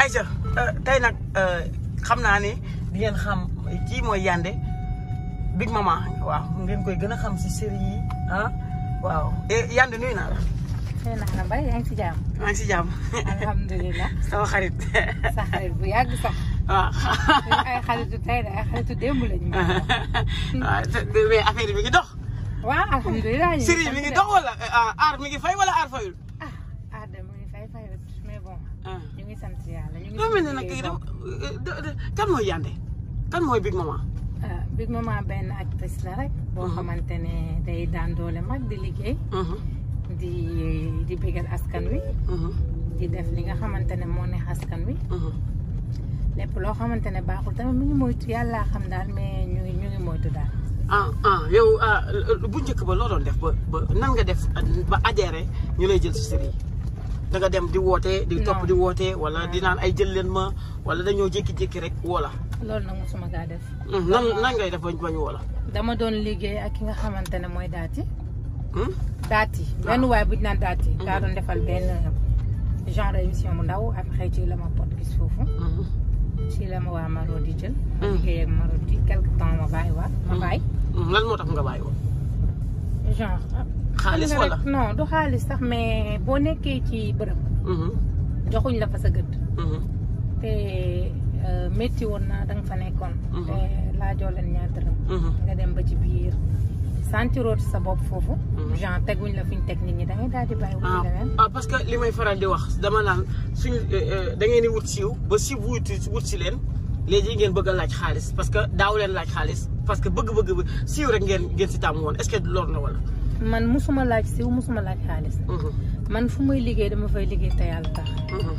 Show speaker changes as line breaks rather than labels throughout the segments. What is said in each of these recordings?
Aïcha euh, tey nag euh, xam naa ne di ngeen xam kii mooy Yandé Big Mama waaw ngeen koy gën a xam si série yi ah waaw eh, Yandé nuyu naa la.
nuyu naa la Mbaye yaa ngi si jàmm.
maa ngi si jàmm. alhamdulilah. sama xarit. sa xarit bu yàgg sax.
waaw ay xaritu tey de ay xaritu démb lañu.
waaw affaire bi ngi dox. waaw alhamdulilah. série mi ngi dox wala euh, aar mi ngi fay wala aar fayul. sant yàlla ñu ngi. ñu ngi nag kii kan mooy Yandé kan mooy Big Maman.
Ah, benn actrice la rek. boo mhm. xamante ne day daan doole mag di liggéey. Mhm. di di askan wi. Mhm. di def li nga xamante ne moo neex askan wi. lépp loo xamante ne baaxul tamit mu ngi moytu yàlla xam daal mais ñu ngi moytu daal.
Ah, ah, bu njëkk ba loo doon def ba ba nan nga def ba adhéré ñu lay jël ci série da dem di woote di topp di wootee wala di naan ay jël ma wala dañoo jékki-jékki rek woola loolu nag mosuma kaa def hmm, nan nan ngay def bañ bañ woola
dama doon liggéey ak ki nga xamante ne mooy daati hmm? daati ah. benn waay bu ñu naan daati hmm. daa doon defal benn genre émission bu ndaw après ci la ma pot gis foofu ci la ma waa Marodi jël ma liggéey ak Marodi quelque temps ma
bàyyi waat ma bàyyi nga bàyyi woon xaalis wala
non du xaalis sax mais boo nekkee ci bërëb. Mhm. joxuñ la fa sa gëdd. Mhm. te euh, métti woon naa da fa nekkoon. Mhm. laajoo leen ñaar nga dem ba ci biir. santiroot sa bopp foofu. genre teguñ la fi ñu teg nit ñi da ngay daal di bàyyi. wuti ah. leneen
ah, parce que li may faral di wax dama naan suñu euh, euh, da ngeen di wut siiw ba si wut wut si leen léegi ngeen bëgg a laaj xaalis parce que daaw leen laaj xaalis parce que bëgg-bëgg bi siiw rek ngeen ngeen si tàmm woon est-ce que loolu na
man musuma laaj siw mësuma laaj xaalis. Mhm. man fu may liggéey dama fay liggéey te yàlla tax. Mhm.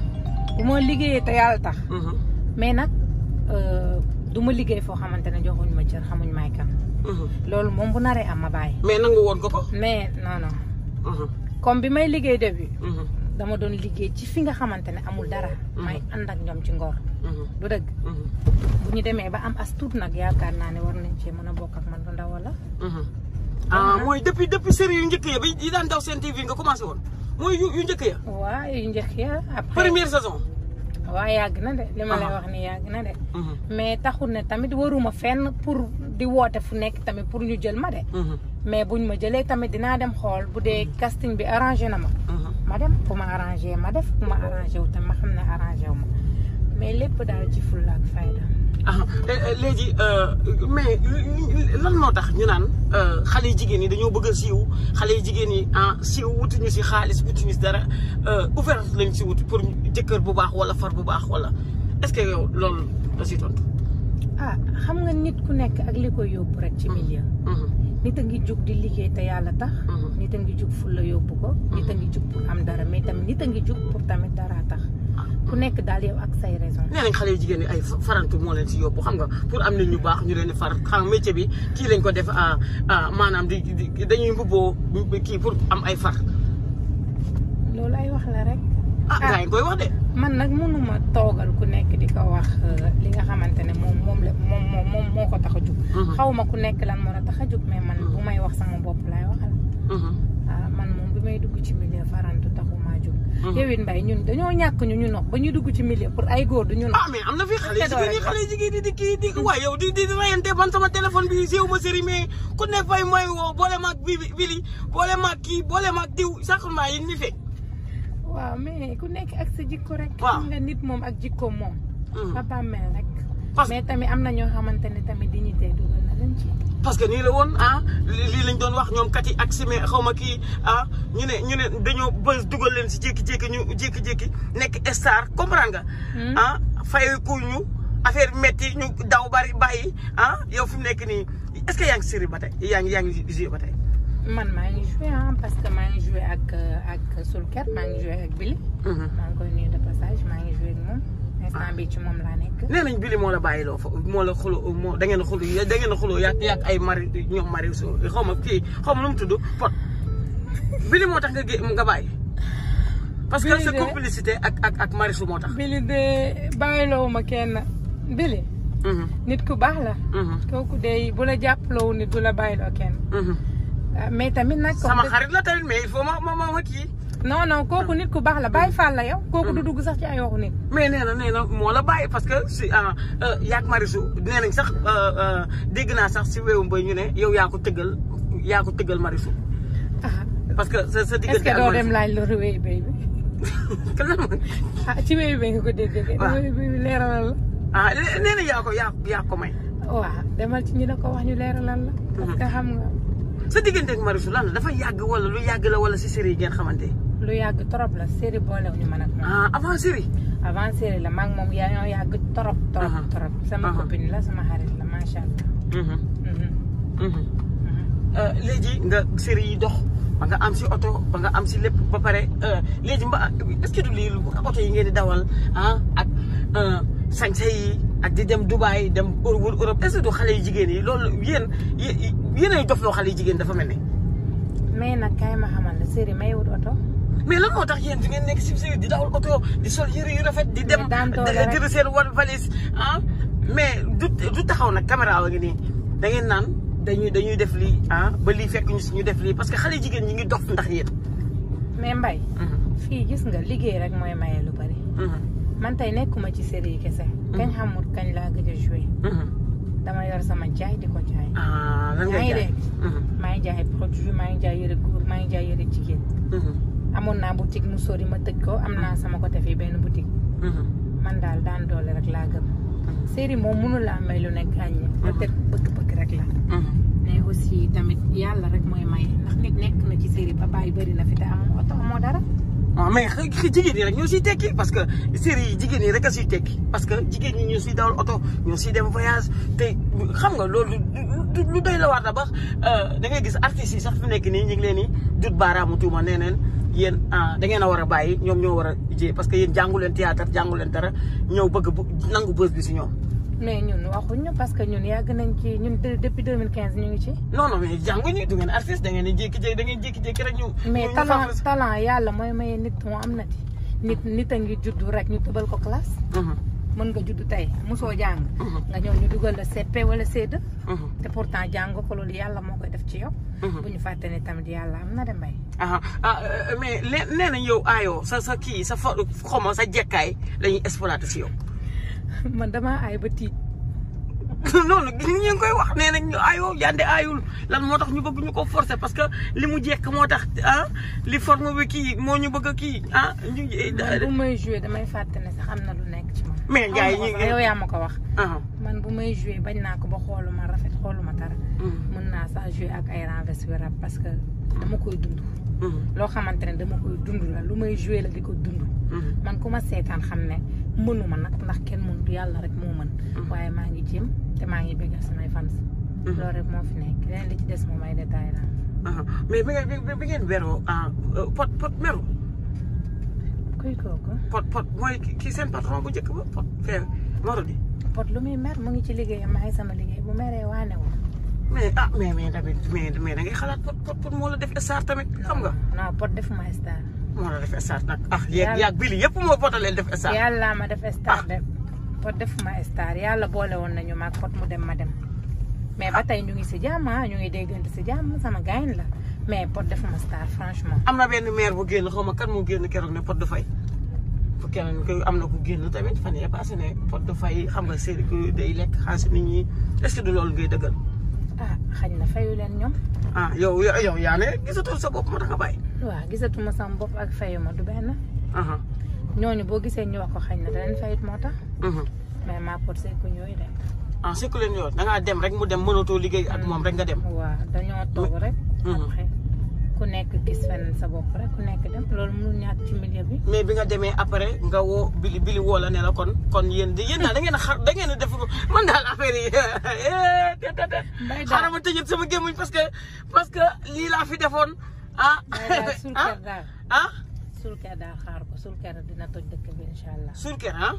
bu ma liggéeyee te yàlla tax. Mhm. mais nag euh, du ma liggéey foo xamante ne joxuñ ma cër xamuñ may kan. loolu moom bu naree am ma bàyyi. mais nangu woon nga ko. mais non non. comme bi may liggéey début. dama doon liggéey ci fi nga xamante ne amul dara. may ànd ak ñoom ci ngor. du dëgg. bu ñu demee ba am as tuut nag yaakaar naa ne war nañ
cee mën a bokk ak man lu ndaw la. Ah, mooy depuis depuis série yu njëkk ya ba yi daan daw seen TV nga commencé woon mooy yu yu njëkk ya.
waaw yu njëkk ya
première saison.
waaye yàgg na de li ma lay wax nii yàgg na de. Mhm. mais taxul ne tamit waruma fenn pour di woote fu nekk tamit pour ñu jël ma de. Mhm. mais buñ ma jëlee tamit dinaa dem xool bu dee mhm. casting bi arrangé na ma. ma dem bu ma arrangé ma def bu ma arrangé wu tam ma xam ne arrangé ma mais lépp daal ci fulla ak fayda.
léegi euh, mais lan moo tax ñu naan euh, xale yu jigéen ñi dañoo bëgg a siiw xale yi jigéen yi ah siiw wutuñu si xaalis wutuñu si dara euh, ouverture lañ si wut pour jëkkër bu baax wala far bu baax wala est-ce que yow loolu la si tontu.
ah xam nga nit ku nekk ak li koy yóbbu rek ci mm-hmm. milieu. Mm-hmm. nit a ngi jug di liggéey te yàlla tax. Mm-hmm. nit a ngi jug fu la yóbbu ko. nit a ngi jug pour am dara mais tamit nit a ngi jug pour tamit dara tax. ku nekk daal yow
ak say raison nee xale yu jigéen ñi ay farantu moo leen si yóbbu xam nga pour am nit ñu baax ñu leen di far xam métier bi kii lañ ko def ah, ah, maanaam di dañuy mbubboo kii pour am ay far
loolu ay wax la rek
ah, ah gaa yi koy wax de
man nag mënuma toogal ku nekk di ko wax euh, li nga xamante ne moom moom moom moom moo ko tax a jug mhm. xaw ma ku nekk lan moo la tax a jug mais man mhm. bu may wax sama bopp laay waxal waaw mhm. man moom bi may dugg ci milieu farantu Mm-hmm. it mbay ñun dañoo ñàkk ñu ñu nopp ba ñuy dugg ci milieu pour ay góor du ñu nopp ah am na fi xale jigéen yi xale
jigéen yi di kii di mm-hmm. waay yow di di rayante man sama téléphone bi séew ma séri mais ku ne fay mooy woo boole maag bi bili boole maag kii boole maag diw saqlement yi ni fee waaw
mais ku nekk ak sa jikko rek am na nit moom ak jikkoom moom ba mm-hmm. bàmmeel rek mais tamit am na ñoo xamante ne tamit dignité dugal
parce que nii la woon ah lii lañ doon wax ñoom kat yi ak sime xaw ma kii ah ñu ne ñu ne dañoo bës dugal leen si jékki-jékki ñu jékki-jékki nekk star comprendre nga. Hmm. ah fayeku ñu affaire métti ñu daw bari bàyyi a ah, yow fi mu nekk nii est-ce que yaa ngi série ba tey yaa ngi yaa ngi
man maa ngi joué ah parce que maa ngi joué ak euh, ak Soulker maa ngi joué ak Billy. Mhm. maa ngi koy instant bi ci moom laa nekk.
nee nañ Billy moo la bàyyiloo moo la xuloo moo da ngeen a xuloo da ngeen a xuloo yàgg yàgg ay mari ñoom mari so xaw ma kii xaw ma nu mu tudd Pod. moo tax nga gé nga bàyyi. parce que sa complicité ak ak ak moo tax. Billy de
bàyyiloo ma kenn Billy. Mhm. nit ku baax la. Mhm. kooku de bu la jàppaloo nit du la bàyyiloo kenn. Mhm. Ah, mais tamit nag. sama xarit la
tamit mais il faut ma ma ma kii.
non non kooku nit ku baax la bàyyi Fall la yow. kooku du mm. dugg sax ci ay
waxu nit. mais nee na na moo la bàyyi que si ah, euh, yaag Marichou nee nañ sax euh, euh, dégg naa sax si wéyum ñu ne yow yaa ko tëggal yaa ko ah. que sa sa bay bi. ah ci wéyu ko ah, nee na yaa ko yaa ko may.
waaw demal ci ñi ko wax ñu leeralal la. parce que mm-hmm. xam nga.
sa diggante ak lan la dafa yàgg wala lu yàgg la wala si série yi ngeen xamante
lu yàgg trop la série boolewuñu man ak ah avant série
avant série la
maag moom yaa ñoo yàgg torop torop uh-huh. torop sama uh-huh. copine la sama xarit la macha allah
uh-huh. mm-hmm. mm-hmm. euh, léegi nga série yi dox ba nga am si oto ba nga am si lépp ba pare euh, léegi mba est-ce que du lii oto yi ngeen di dawal ah ak euh, sañse yi ak di dem Dubaay dem wër Europe est-ce du xale yu jigéen yi loolu yéen yéen ay dof loo xale yi jigéen dafa mel ni
mais nag kaay ma xamal la Serigne
may wut oto. mais lan moo tax yéen di ngeen nekk si si di dawal oto di sol yëre yu rafet. di dem di seen wàllu valise ah. mais du du taxaw nag caméra wa da ngeen naan dañuy dañuy def lii ah ba lii fekk ñu si def lii parce que xale jigéen ñi ngi dof ndax yéen.
mais mbay mhm. fii gis nga liggéey rek mooy maye lu bari. Mhm. man tey nekkuma ci série yi kese. Mhm. kañ xamul kañ laa gëj a dama yor sama jaay di ko jaay. ah lan ngay jaay mhm. maa ngi jaay produit maa ngi jaay yëre góor maa ngi jaay yëre jigéen. Mhm. amoon naa boutique mu sori ma tëj ko am naa mhm. sama côté fii benn boutique. man daal daan doole rek laa gëm. série moom mënul laa may lu nekk àññi. peut-être bëgg-bëgg rek la. mais aussi tamit yàlla rek mooy may ndax nit nekk na ci série ba bàyyi bëri na fi te amoo oto amoo dara.
waaw ah, mais jigéen ñi rek ñoo siy tekki parce que série yi ñi rek a siy tekki parce que jigéen ñi ñoo siy dawal oto ñoo siy dem voyage te xam nga loolu lu doy la war da bax euh, da ngay gis artistes yi sax fi nekk nii ñu ngi leen di dut baaraamu tuuma nee yen yéen ah, da ngeen a war a bàyyi ñoom ñoo war a jiyee parce que yéen jànguleen leen théâtre jàngu leen dara ñëw bëgg nangu bës bi si ñoom
mais ñun waxuñu parce que ñun yàgg nañ ci ñun depuis 2015 ñu ngi ci. non
non mais jànguñu du ngeen artiste da ngeen di jékki-jékki da ngeen jékki-jékki rek ñu. mais talent
talent am na ci. nit nit a ngi juddu rek ñu tëbal ko classe. Mm-hmm. mën nga juddu tey mosoo jàng. Mm-hmm. nga ñëw ñu dugal la wala C2. Mm-hmm. te pourtant jàng ko loolu yàlla moo koy def ci yow. bu ñu fàtte ne tamit yàlla am na de mbay.
ah, ah euh, mais nee nañ yow aayoo sa sa kii sa xoma sa jekkaay la ñuy exploité si yow.
man damaa aay ba tiit.
loolu gis ñu ngi koy wax nee nañ ñu aayoo yande lan moo tax ñu bëgg ñu ko forcer parce que li mu jekk moo tax ah li forme bi kii moo ñu bëgg a kii ah. ñu eh, bu
may joué damay fàtte ne sax am na lu nekk ci
man. mais gars yi ñu ngi yow ma ko wax. Ah.
man bu may joué bañ naa ko ba xooluma rafet xooluma dara. mën mm. naa sax joué ak ay renversé rab parce que dama koy dund. Mm. loo xamante ne dama koy dund la lu may joué la di ko dund. Mm. man ku ma xam ne. mënuma nag ndax kenn mënut yàlla rek moo mën mhm. waaye maa ngi jéem te maa ngi bëgg samay fans mhm. loolu rek moo fi nekk leneen li ci des moom ay détail la
mais bi ngeen bi ngeen weroo ah, euh, pot pot meru kuy kooku pot pot mooy kii seen patron bu njëkk ba pot fee Marodi
pot lu muy mer mu ngi ci liggéeyam maa ngi sama liggéey bu meree waane woon
mais ah mais mais tamit mais mais da ngay xalaat pot pot pot moo la def star tamit xam nga non pot def ma star moo la def star nag ah yéeg yàgg yëpp moo bota def star yàlla ma
def star ah. de pot defuma star yàlla boole woon nañu maag pot mu dem ma dem mais ba ah. tey ñu ngi si jàmm ah, ñu ngi déggante si jàmm sama gaañ la mais pot defuma star franchement
am na benn maire bu génn xaw ma kan moo génn keroog ne pot du fay fu keneen koy am na ku génn tamit fan yee passé ne pot du fay xam nga séeri ku day lekk xaalis nit ñi est du loolu ngay dëggal
ah xañ na fayu leen ñoom.
ah yow yow yaa ne gisatoo sa bopp moo tax nga waa
gisatu gisatuma sam bopp ak fayu ma du benn. ñooñu boo gisee ñu wax ko xañ na danañ fayut moo tax. mais maa pour sekkuñ yooyu de.
ah sekku leen yooyu da ngaa dem rek mu dem mënatoo liggéey ak moom rek nga dem. waaw
dañoo toog rek. Mhm. après ku nekk gis feneen sa bopp rek ku nekk dem loolu mënul ñàkk ci milieu
bi. mais bi nga demee après nga woo bili bili woo la ne la kon kon yéen di yéen a da ngeen a xar da ngeen a def man daal affaire yi eh, xaaral ma tëjee sama gémmiñ parce que parce que lii laa fi defoon a ah. ah ah. surker daal xaar ko surker dina toj dëkk bi incha allah. surker ah.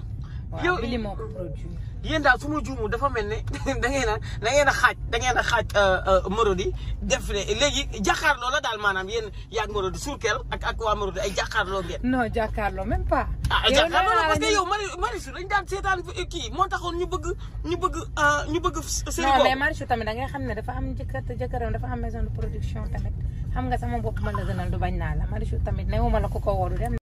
yow Billy moo ko produire. yéen daal su ma dafa mel ne da ngeen a da ngeen a xaaj da ngeen a xaaj euh, euh, Marodi def léegi jàkkaarloo la daal maanaam yéen yaa ngi Marodi surkel ak ak waa Marodi ay jàkkaarloo ngeen. non jàkkaarloo même pas. ah jàkkaarloo la parce que yow Mari Marichou dañ daan seetaan kii moo taxoon ñu bëgg ñu bëgg euh, ñu bëgg. sëriñ boobu non mais Marichou tamit da
xam ne dafa am jëkkër te jëkkëram dafa am maison de production tamit xam nga sama bopp mën na gënal du bañ naa la Marichou tamit newuma la ko ko wóolu dem